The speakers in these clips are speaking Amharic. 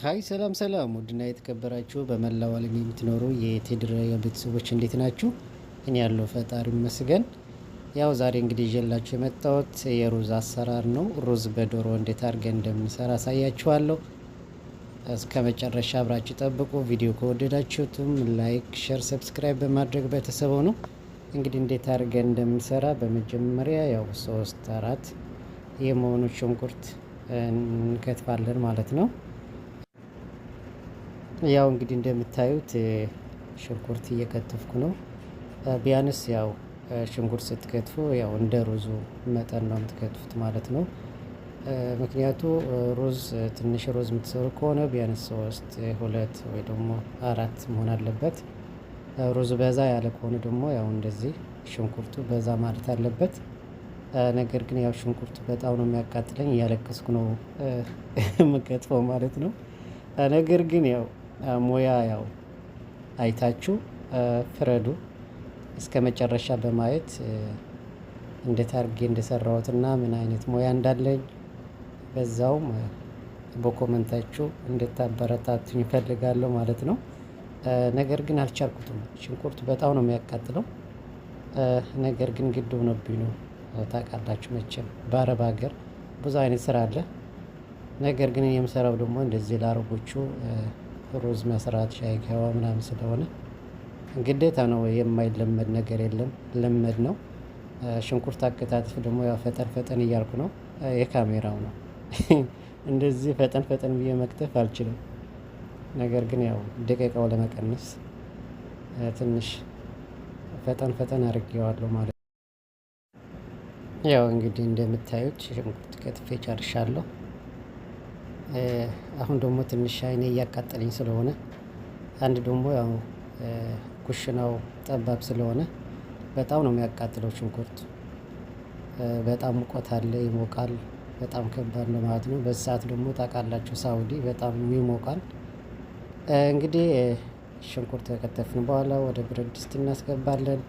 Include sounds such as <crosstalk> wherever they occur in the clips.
ሀይ ሰላም ሰላም፣ ውድና የተከበራችሁ በመላው ዓለም የምትኖሩ የቴድር ቤተሰቦች እንዴት ናችሁ? እኔ ያለው ፈጣሪ ይመስገን። ያው ዛሬ እንግዲህ ይዤላችሁ የመጣሁት የሩዝ አሰራር ነው። ሩዝ በዶሮ እንዴት አድርገን እንደምንሰራ አሳያችኋለሁ። እስከ መጨረሻ አብራችሁ ጠብቁ። ቪዲዮ ከወደዳችሁትም ላይክ፣ ሸር፣ ሰብስክራይብ በማድረግ ቤተሰቡ ነው። እንግዲህ እንዴት አድርገን እንደምንሰራ በመጀመሪያ ያው ሶስት አራት የመሆኑ ሽንኩርት እንከትፋለን ማለት ነው ያው እንግዲህ እንደምታዩት ሽንኩርት እየከተፍኩ ነው። ቢያንስ ያው ሽንኩርት ስትከትፉ ያው እንደ ሩዙ መጠን ነው የምትከትፉት ማለት ነው። ምክንያቱ ሩዝ ትንሽ ሩዝ የምትሰሩ ከሆነ ቢያንስ ሶስት ሁለት ወይ ደግሞ አራት መሆን አለበት። ሩዝ በዛ ያለ ከሆነ ደግሞ ያው እንደዚህ ሽንኩርቱ በዛ ማለት አለበት። ነገር ግን ያው ሽንኩርቱ በጣም ነው የሚያቃጥለኝ፣ እያለቀስኩ ነው የምከትፈው ማለት ነው። ነገር ግን ያው ሙያ ያው አይታችሁ ፍረዱ እስከ መጨረሻ በማየት እንዴት አድርጌ እንደሰራሁትና ምን አይነት ሙያ እንዳለኝ በዛውም በኮመንታችሁ እንድታበረታቱኝ እፈልጋለሁ ማለት ነው። ነገር ግን አልቻልኩትም። ሽንኩርት በጣም ነው የሚያቃጥለው። ነገር ግን ግድ ሆኖብኝ ነው። ታውቃላችሁ መቼም በአረብ ሀገር ብዙ አይነት ስራ አለ። ነገር ግን የምሰራው ደግሞ እንደዚህ ለአረቦቹ ሩዝ መስራት ሻይ ከዋ ምናምን ስለሆነ ግዴታ ነው የማይለመድ ነገር የለም ልመድ ነው። ሽንኩርት አከታትፍ ደግሞ ያው ፈጠን ፈጠን እያልኩ ነው የካሜራው ነው <laughs> እንደዚህ ፈጠን ፈጠን ብዬ መክተፍ አልችልም። ነገር ግን ያው ደቂቃው ለመቀነስ ትንሽ ፈጠን ፈጠን አድርጌዋለሁ ማለት ነው። ያው እንግዲህ እንደምታዩት ሽንኩርት ከትፌ ጨርሻለሁ። አሁን ደግሞ ትንሽ አይኔ እያቃጠለኝ ስለሆነ አንድ ደግሞ ያው ኩሽናው ጠባብ ስለሆነ በጣም ነው የሚያቃጥለው ሽንኩርት። በጣም ሙቀት አለ፣ ይሞቃል። በጣም ከባድ ነው ማለት ነው። በዚህ ሰዓት ደግሞ ታውቃላችሁ ሳውዲ በጣም ይሞቃል። እንግዲህ ሽንኩርት ከከተፍን በኋላ ወደ ብረት ድስት እናስገባለን።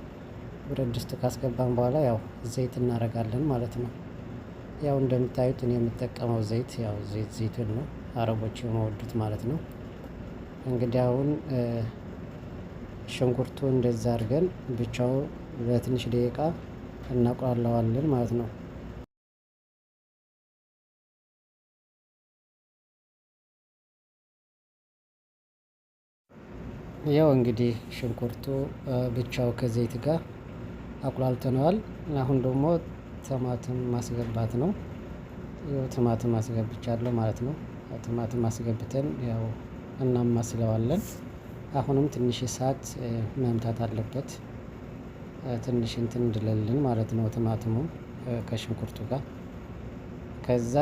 ብረት ካስገባን በኋላ ያው ዘይት እናደርጋለን ማለት ነው። ያው እንደምታዩት እኔ የምጠቀመው ዘይት ያው ዘይት ዘይቱን ነው፣ አረቦች የመወዱት ማለት ነው። እንግዲህ አሁን ሽንኩርቱ እንደዛ አድርገን ብቻው በትንሽ ደቂቃ እናቁላለዋለን ማለት ነው። ያው እንግዲህ ሽንኩርቱ ብቻው ከዘይት ጋር አቁላልተነዋል። አሁን ደግሞ ቲማቲም ማስገባት ነው። ያው ቲማቲም አስገብቻለሁ ማለት ነው። ቲማቲም አስገብተን ያው እናማስለዋለን። አሁንም ትንሽ እሳት መምታት አለበት። ትንሽ እንትን እንድለልን ማለት ነው። ቲማቲሙ ከሽንኩርቱ ጋር ከዛ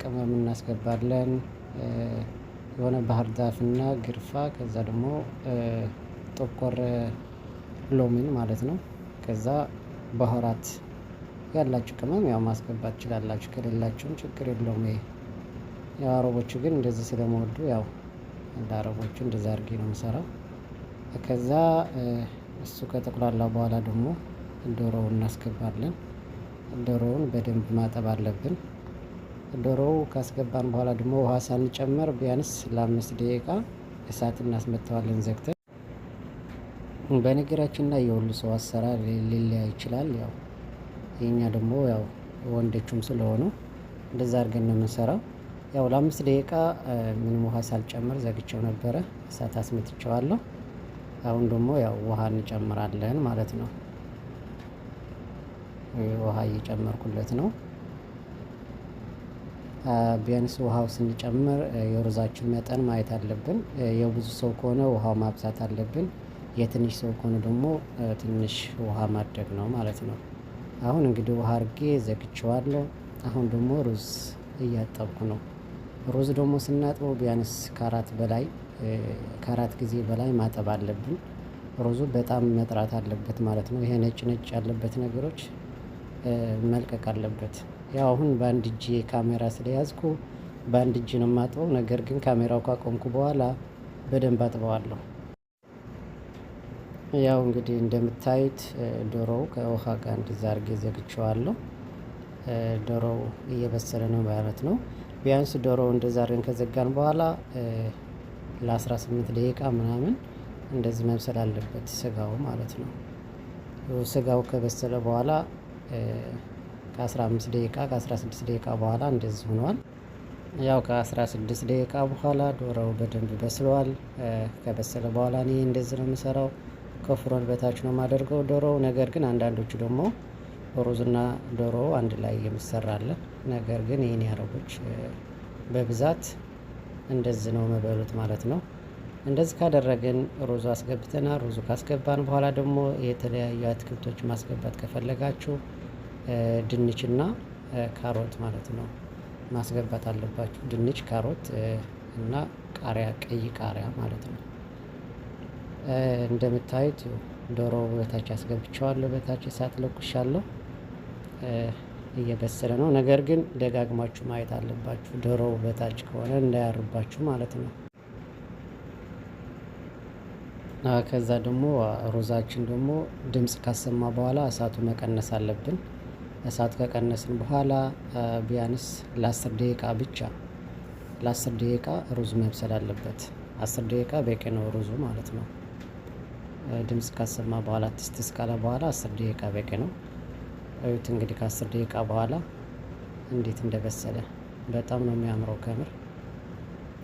ቅመም እናስገባለን። የሆነ ባህር ዛፍና ግርፋ፣ ከዛ ደግሞ ጥቁር ሎሚን ማለት ነው። ከዛ ባህራት ያላችሁ ቅመም ያው ማስገባት ትችላላችሁ። ከሌላችሁም ችግር የለውም። ይሄ ያው አረቦቹ ግን እንደዚህ ስለመወዱ ያው እንደ አረቦቹ እንደዛ አድርጌ ነው የምሰራው። ከዛ እሱ ከጠቁላላ በኋላ ደግሞ ዶሮውን እናስገባለን። ዶሮውን በደንብ ማጠብ አለብን። ዶሮው ካስገባን በኋላ ደግሞ ውሃ ሳንጨምር ቢያንስ ለአምስት ደቂቃ እሳት እናስመተዋለን ዘግተን። በነገራችን ላይ የሁሉ ሰው አሰራር ሊለያ ይችላል ያው የኛ ደግሞ ያው ወንዶቹም ስለሆኑ እንደዛ አድርገን ነው የምንሰራው። ያው ለአምስት ደቂቃ ምንም ውሃ ሳልጨምር ዘግቸው ነበረ። እሳት አስመትቸዋለሁ። አሁን ደግሞ ያው ውሃ እንጨምራለን ማለት ነው። ውሃ እየጨመርኩለት ነው። ቢያንስ ውሃው ስንጨምር የሩዛችን መጠን ማየት አለብን። የብዙ ሰው ከሆነ ውሃው ማብዛት አለብን። የትንሽ ሰው ከሆነ ደግሞ ትንሽ ውሃ ማድረግ ነው ማለት ነው። አሁን እንግዲህ ውሃ አርጌ ዘግቼዋለሁ። አሁን ደግሞ ሩዝ እያጠብኩ ነው። ሩዝ ደግሞ ስናጥበው ቢያንስ ከአራት በላይ ከአራት ጊዜ በላይ ማጠብ አለብን። ሩዙ በጣም መጥራት አለበት ማለት ነው። ይሄ ነጭ ነጭ ያለበት ነገሮች መልቀቅ አለበት። ያው አሁን በአንድ እጅ ካሜራ ስለያዝኩ በአንድ እጅ ነው የማጥበው። ነገር ግን ካሜራው ካቆምኩ በኋላ በደንብ አጥበዋለሁ። ያው እንግዲህ እንደምታዩት ዶሮው ከውሃ ጋር እንደዛ አድርጌ ዘግቼዋለሁ። ዶሮው እየበሰለ ነው ማለት ነው። ቢያንስ ዶሮው እንደዛ አድርገን ከዘጋን በኋላ ለ18 ደቂቃ ምናምን እንደዚህ መብሰል አለበት ስጋው ማለት ነው። ስጋው ከበሰለ በኋላ ከ15 ደቂቃ ከ16 ደቂቃ በኋላ እንደዚህ ሆኗል። ያው ከ16 ደቂቃ በኋላ ዶሮው በደንብ በስለዋል። ከበሰለ በኋላ እኔ እንደዚህ ነው የምሰራው። ከፍሮን በታች ነው የማደርገው ዶሮ። ነገር ግን አንዳንዶቹ ደግሞ ሩዝና ዶሮ አንድ ላይ የምሰራለን። ነገር ግን ይህን ያረቦች በብዛት እንደዚህ ነው መበሉት ማለት ነው። እንደዚህ ካደረግን ሩዙ አስገብተናል። ሩዙ ካስገባን በኋላ ደግሞ የተለያዩ አትክልቶች ማስገባት ከፈለጋችሁ ድንችና ካሮት ማለት ነው ማስገባት አለባችሁ። ድንች፣ ካሮት እና ቃሪያ፣ ቀይ ቃሪያ ማለት ነው። እንደምታዩት ዶሮ በታች አስገብቸዋለሁ። በታች እሳት ለኩሻለሁ። እየበሰለ ነው። ነገር ግን ደጋግማችሁ ማየት አለባችሁ። ዶሮ በታች ከሆነ እንዳያርባችሁ ማለት ነው። ከዛ ደግሞ ሩዛችን ደግሞ ድምፅ ካሰማ በኋላ እሳቱ መቀነስ አለብን። እሳት ከቀነስን በኋላ ቢያንስ ለአስር ደቂቃ ብቻ ለአስር ደቂቃ ሩዝ መብሰል አለበት። አስር ደቂቃ በቂ ነው ሩዙ ማለት ነው። ድምፅ ካሰማ በኋላ ትስትስ ካለ በኋላ አስር ደቂቃ በቂ ነው። እዩት እንግዲህ ከአስር ደቂቃ በኋላ እንዴት እንደበሰለ በጣም ነው የሚያምረው ከምር።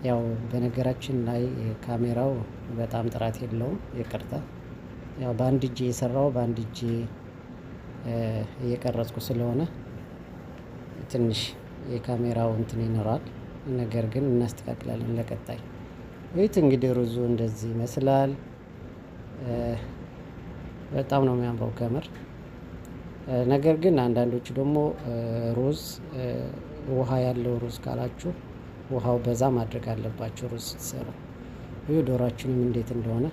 ያው በነገራችን ላይ ካሜራው በጣም ጥራት የለውም፣ ይቅርታ። ያው በአንድ እጄ የሰራው በአንድ እጄ እየቀረጽኩ ስለሆነ ትንሽ የካሜራው እንትን ይኖራል። ነገር ግን እናስተካክላለን ለቀጣይ። ይህ እንግዲህ ሩዙ እንደዚህ ይመስላል። በጣም ነው የሚያምረው ከምር። ነገር ግን አንዳንዶቹ ደግሞ ሩዝ ውሃ ያለው ሩዝ ካላችሁ ውሃው በዛ ማድረግ አለባቸው ሩዝ ስትሰሩ። ይህ ዶሯችንም እንዴት እንደሆነ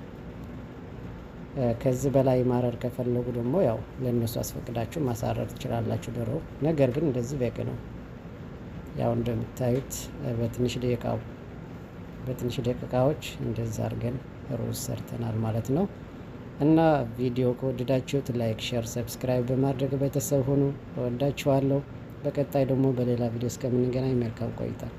ከዚህ በላይ ማረር ከፈለጉ ደግሞ ያው ለእነሱ አስፈቅዳችሁ ማሳረር ትችላላችሁ ዶሮ። ነገር ግን እንደዚህ በቅ ነው። ያው እንደምታዩት በትንሽ ደቂቃ በትንሽ ደቂቃዎች እንደዛ አድርገን ሩዝ ሰርተናል ማለት ነው። እና ቪዲዮ ከወደዳችሁት ላይክ፣ ሼር፣ ሰብስክራይብ በማድረግ ቤተሰብ ሆኑ። እወዳችኋለሁ። በቀጣይ ደግሞ በሌላ ቪዲዮ እስከምንገናኝ መልካም ቆይታል።